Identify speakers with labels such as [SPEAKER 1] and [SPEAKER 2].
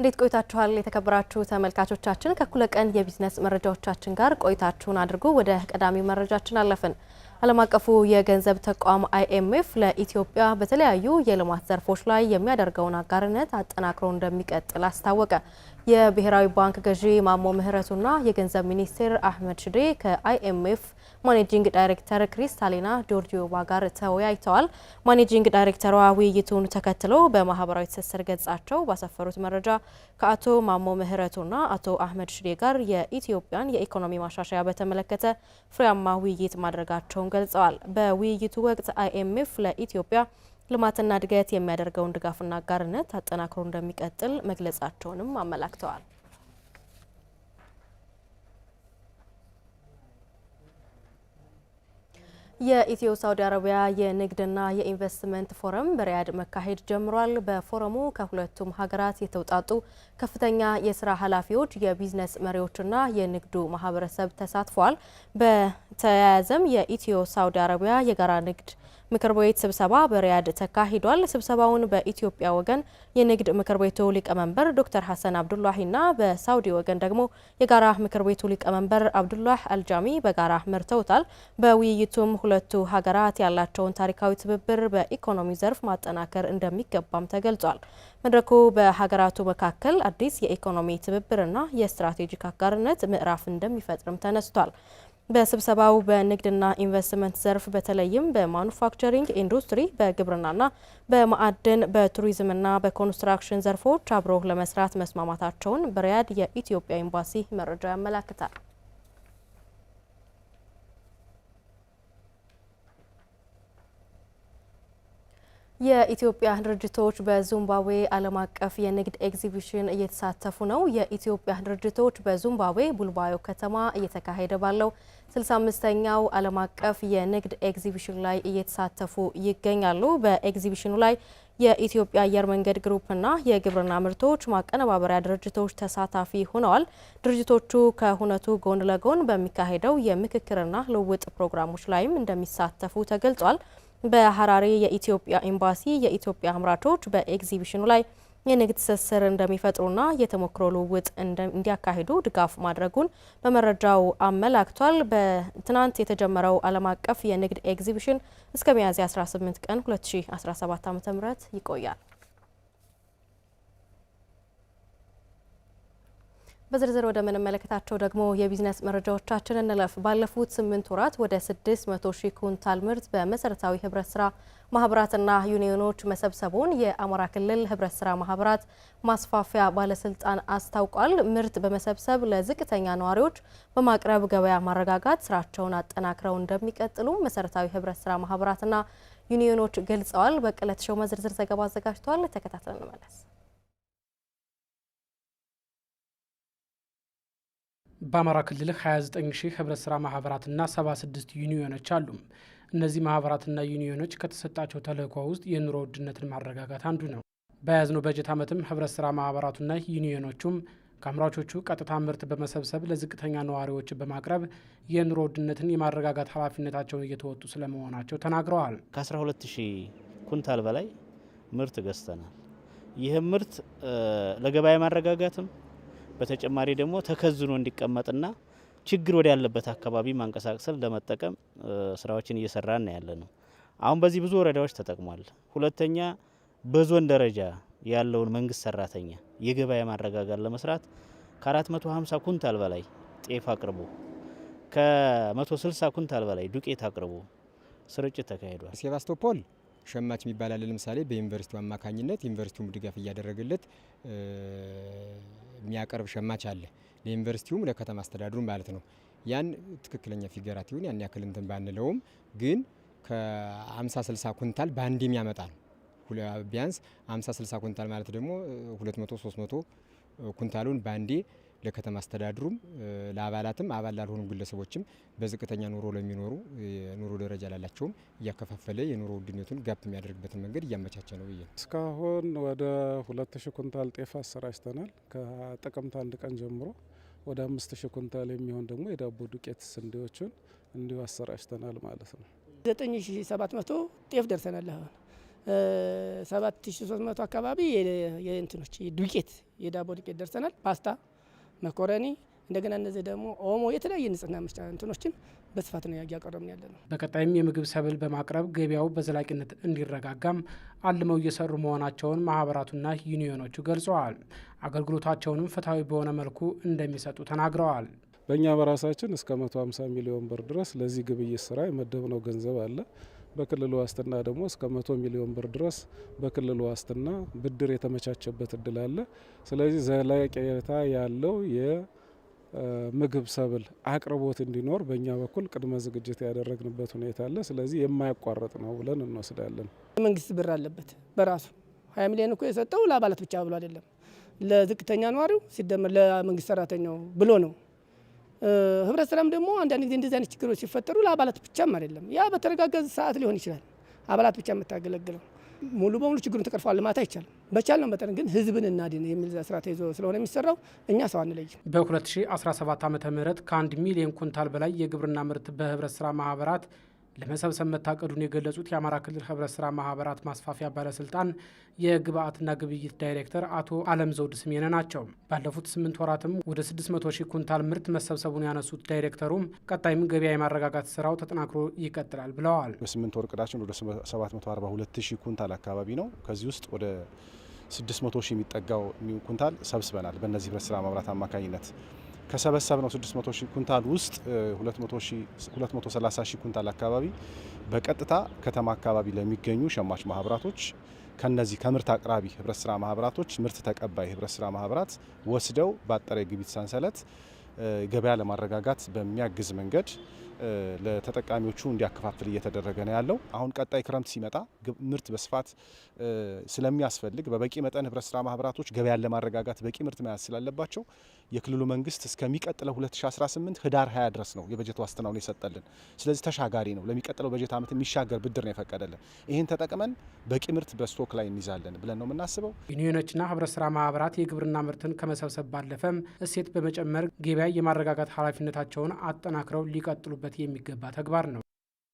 [SPEAKER 1] እንዴት ቆይታችኋል? የተከበራችሁ ተመልካቾቻችን ከእኩለ ቀን የቢዝነስ መረጃዎቻችን ጋር ቆይታችሁን አድርጉ። ወደ ቀዳሚው መረጃችን አለፍን። ዓለም አቀፉ የገንዘብ ተቋም አይኤምኤፍ ለኢትዮጵያ በተለያዩ የልማት ዘርፎች ላይ የሚያደርገውን አጋርነት አጠናክሮ እንደሚቀጥል አስታወቀ። የብሔራዊ ባንክ ገዢ ማሞ ምህረቱና የገንዘብ ሚኒስትር አህመድ ሽዴ ከአይኤምኤፍ ማኔጂንግ ዳይሬክተር ክሪስታሊና ጆርጂዮቫ ጋር ተወያይተዋል። ማኔጂንግ ዳይሬክተሯ ውይይቱን ተከትሎ በማህበራዊ ትስስር ገጻቸው ባሰፈሩት መረጃ ከአቶ ማሞ ምህረቱና አቶ አህመድ ሽዴ ጋር የኢትዮጵያን የኢኮኖሚ ማሻሻያ በተመለከተ ፍሬያማ ውይይት ማድረጋቸውን ገልጸዋል። በውይይቱ ወቅት አይኤምኤፍ ለኢትዮጵያ ልማትና እድገት የሚያደርገውን ድጋፍና አጋርነት አጠናክሮ እንደሚቀጥል መግለጻቸውንም አመላክተዋል። የኢትዮ ሳውዲ አረቢያ የንግድና የኢንቨስትመንት ፎረም በሪያድ መካሄድ ጀምሯል። በፎረሙ ከሁለቱም ሀገራት የተውጣጡ ከፍተኛ የስራ ኃላፊዎች፣ የቢዝነስ መሪዎችና የንግዱ ማህበረሰብ ተሳትፏል። በተያያዘም የኢትዮ ሳውዲ አረቢያ የጋራ ንግድ ምክር ቤት ስብሰባ በሪያድ ተካሂዷል። ስብሰባውን በኢትዮጵያ ወገን የንግድ ምክር ቤቱ ሊቀመንበር ዶክተር ሐሰን አብዱላሂና በሳውዲ ወገን ደግሞ የጋራ ምክር ቤቱ ሊቀመንበር አብዱላህ አልጃሚ በጋራ መርተውታል። በውይይቱም ሁለቱ ሀገራት ያላቸውን ታሪካዊ ትብብር በኢኮኖሚ ዘርፍ ማጠናከር እንደሚገባም ተገልጿል። መድረኩ በሀገራቱ መካከል አዲስ የኢኮኖሚ ትብብርና የስትራቴጂክ አጋርነት ምዕራፍ እንደሚፈጥርም ተነስቷል። በስብሰባው በንግድና ኢንቨስትመንት ዘርፍ በተለይም በማኑፋክቸሪንግ ኢንዱስትሪ፣ በግብርናና በማዕድን፣ በቱሪዝምና በኮንስትራክሽን ዘርፎች አብሮ ለመስራት መስማማታቸውን በሪያድ የኢትዮጵያ ኤምባሲ መረጃ ያመላክታል። የኢትዮጵያ ድርጅቶች በዚምባብዌ ዓለም አቀፍ የንግድ ኤግዚቢሽን እየተሳተፉ ነው። የኢትዮጵያ ድርጅቶች በዚምባብዌ ቡልባዮ ከተማ እየተካሄደ ባለው 65ኛው ዓለም አቀፍ የንግድ ኤግዚቢሽን ላይ እየተሳተፉ ይገኛሉ። በኤግዚቢሽኑ ላይ የኢትዮጵያ አየር መንገድ ግሩፕና የግብርና ምርቶች ማቀነባበሪያ ድርጅቶች ተሳታፊ ሆነዋል። ድርጅቶቹ ከሁነቱ ጎን ለጎን በሚካሄደው የምክክርና ልውውጥ ፕሮግራሞች ላይም እንደሚሳተፉ ተገልጿል። በሀራሬ የኢትዮጵያ ኤምባሲ የኢትዮጵያ አምራቾች በኤግዚቢሽኑ ላይ የንግድ ትስስር እንደሚፈጥሩና የተሞክሮ ልውውጥ እንዲያካሂዱ ድጋፍ ማድረጉን በመረጃው አመላክቷል። በትናንት የተጀመረው ዓለም አቀፍ የንግድ ኤግዚቢሽን እስከ ሚያዝያ 18 ቀን 2017 ም ይቆያል። በዝርዝር ወደ ደግሞ የቢዝነስ መረጃዎቻችን እንለፍ። ባለፉት ስምንት ወራት ወደ ስድስት መቶ ሺህ ኩንታል ምርት በመሰረታዊ ህብረት ስራ ማህበራትና ዩኒዮኖች መሰብሰቡን የአማራ ክልል ህብረት ስራ ማህበራት ማስፋፊያ ባለስልጣን አስታውቋል። ምርት በመሰብሰብ ለዝቅተኛ ነዋሪዎች በማቅረብ ገበያ ማረጋጋት ስራቸውን አጠናክረው እንደሚቀጥሉ መሰረታዊ ህብረት ስራ ማህበራትና ዩኒዮኖች ገልጸዋል። በቅለት ሸው መዝርዝር ዘገባ አዘጋጅተዋል። ተከታትለን እንመለስ።
[SPEAKER 2] በአማራ ክልል 29 ሺህ ህብረት ስራ ማህበራትና 76 ዩኒዮኖች አሉ። እነዚህ ማህበራትና ዩኒዮኖች ከተሰጣቸው ተልእኮ ውስጥ የኑሮ ውድነትን ማረጋጋት አንዱ ነው። በያዝነው በጀት ዓመትም ህብረት ስራ ማህበራቱና ዩኒዮኖቹም ከአምራቾቹ ቀጥታ ምርት በመሰብሰብ ለዝቅተኛ ነዋሪዎች በማቅረብ የኑሮ ውድነትን የማረጋጋት ኃላፊነታቸውን እየተወጡ ስለመሆናቸው ተናግረዋል።
[SPEAKER 3] ከ12 ሺህ ኩንታል በላይ ምርት ገዝተናል። ይህም ምርት ለገበያ ማረጋጋትም በተጨማሪ ደግሞ ተከዝኖ እንዲቀመጥና ችግር ወደ ያለበት አካባቢ ማንቀሳቀስን ለመጠቀም ስራዎችን እየሰራን ያለ ነው። አሁን በዚህ ብዙ ወረዳዎች ተጠቅሟል። ሁለተኛ በዞን ደረጃ ያለውን መንግስት ሰራተኛ የገበያ ማረጋጋት ለመስራት ከ450 ኩንታል በላይ ጤፍ አቅርቦ ከ160 ኩንታል በላይ ዱቄት አቅርቦ ስርጭት ተካሂዷል።
[SPEAKER 4] ሴባስቶፖል ሸማች የሚባል አለ። ለምሳሌ በዩኒቨርሲቲው አማካኝነት ዩኒቨርሲቲውም ድጋፍ እያደረገለት የሚያቀርብ ሸማች አለ። ለዩኒቨርሲቲውም ለከተማ አስተዳድሩ ማለት ነው። ያን ትክክለኛ ፊገራት ይሁን ያን ያክል እንትን ባንለውም ግን ከ50 60 ኩንታል በአንድ የሚያመጣ ነው። ቢያንስ 50 60 ኩንታል ማለት ደግሞ 200 300 ኩንታሉን በአንዴ ለከተማ አስተዳድሩም ለአባላትም አባል ላልሆኑ ግለሰቦችም በዝቅተኛ ኑሮ ለሚኖሩ ኑሮ ደረጃ ላላቸውም እያከፋፈለ የኑሮ ውድነቱን ጋፕ የሚያደርግበትን መንገድ እያመቻቸ ነው ብዬ
[SPEAKER 5] እስካሁን ወደ ሁለት ሺ ኩንታል ጤፍ አሰራጭተናል ከጥቅምት አንድ ቀን ጀምሮ ወደ አምስት ሺ ኩንታል የሚሆን ደግሞ የዳቦ ዱቄት ስንዴዎችን እንዲሁ አሰራጭተናል ማለት ነው።
[SPEAKER 6] ዘጠኝ ሺ ሰባት መቶ ጤፍ ደርሰናል አሁን ሰባት ሺ ሶስት መቶ አካባቢ የእንትኖች ዱቄት የዳቦ ዱቄት ደርሰናል ፓስታ መኮረኒ እንደገና እነዚህ ደግሞ ኦሞ የተለያየ ንጽህና መስጫ እንትኖችን በስፋት ነው እያቀረብን ያለ ነው። በቀጣይም የምግብ ሰብል በማቅረብ ገበያው በዘላቂነት እንዲረጋጋም አልመው እየሰሩ መሆናቸውን ማህበራቱና ዩኒዮኖቹ ገልጸዋል። አገልግሎታቸውንም ፍትሐዊ በሆነ መልኩ እንደሚሰጡ ተናግረዋል። በእኛ በራሳችን እስከ 150 ሚሊዮን ብር ድረስ ለዚህ ግብይት ስራ የመደብነው ገንዘብ አለ። በክልል ዋስትና ደግሞ እስከ መቶ ሚሊዮን ብር ድረስ በክልል ዋስትና ብድር የተመቻቸበት እድል አለ። ስለዚህ ዘላቂታ ያለው የምግብ ሰብል አቅርቦት እንዲኖር በእኛ በኩል ቅድመ ዝግጅት ያደረግንበት ሁኔታ አለ። ስለዚህ የማያቋረጥ ነው ብለን እንወስዳለን። መንግስት ብር አለበት በራሱ ሀያ ሚሊዮን እኮ የሰጠው ለአባላት ብቻ ብሎ አይደለም፣ ለዝቅተኛ ነዋሪው ሲደመር ለመንግስት ሰራተኛው ብሎ ነው። ህብረት ስራም ደግሞ አንዳንድ ጊዜ እንደዚህ አይነት ችግሮች ሲፈጠሩ ለአባላት ብቻም አይደለም፣ ያ በተረጋጋ ሰዓት ሊሆን ይችላል። አባላት ብቻ የምታገለግለው ሙሉ በሙሉ ችግሩን ተቀርፏል ልማት አይቻልም። ነው መጠን ግን ህዝብን እናድን የሚል ስራ ተይዞ ስለሆነ የሚሰራው እኛ ሰው አንለይም። በ2017 ዓ ም ከአንድ ሚሊዮን ኩንታል በላይ የግብርና ምርት በህብረት ስራ ማህበራት ለመሰብሰብ መታቀዱን የገለጹት የአማራ ክልል ህብረት ስራ ማህበራት ማስፋፊያ ባለስልጣን የግብአትና ግብይት ዳይሬክተር አቶ አለም ዘውድ ስሜነ ናቸው። ባለፉት ስምንት ወራትም ወደ 600 ሺህ ኩንታል ምርት መሰብሰቡን ያነሱት ዳይሬክተሩም ቀጣይም ገበያ የማረጋጋት ስራው ተጠናክሮ ይቀጥላል ብለዋል። በስምንት ወር እቅዳችን ወደ 742 ሺህ ኩንታል አካባቢ ነው። ከዚህ ውስጥ ወደ 600 ሺህ የሚጠጋው ኩንታል ሰብስበናል። በእነዚህ ህብረት ስራ ማህበራት አማካኝነት ከሰበሰብ ነው 600 ሺህ ኩንታል ውስጥ 230 ሺህ ኩንታል አካባቢ በቀጥታ ከተማ አካባቢ ለሚገኙ ሸማች ማህበራቶች ከነዚህ ከምርት አቅራቢ ህብረት ስራ ማህበራቶች ምርት ተቀባይ ህብረት ስራ ማህበራት ወስደው ባጠረ የግብይት ሰንሰለት ገበያ ለማረጋጋት በሚያግዝ መንገድ ለተጠቃሚዎቹ እንዲያከፋፍል እየተደረገ ነው ያለው። አሁን ቀጣይ ክረምት ሲመጣ ምርት በስፋት ስለሚያስፈልግ በበቂ መጠን ህብረት ስራ ማህበራቶች ገበያን ለማረጋጋት በቂ ምርት መያዝ ስላለባቸው የክልሉ መንግስት እስከሚቀጥለው 2018 ህዳር 20 ድረስ ነው የበጀት ዋስትናውን የሰጠልን። ስለዚህ ተሻጋሪ ነው፣ ለሚቀጥለው በጀት ዓመት የሚሻገር ብድር ነው የፈቀደልን። ይህን ተጠቅመን በቂ ምርት በስቶክ ላይ እንይዛለን ብለን ነው የምናስበው። ዩኒዮኖችና ህብረት ስራ ማህበራት የግብርና ምርትን ከመሰብሰብ ባለፈም እሴት በመጨመር ገበያ የማረጋጋት ኃላፊነታቸውን አጠናክረው ሊቀጥሉበት ሊሰራበት የሚገባ ተግባር ነው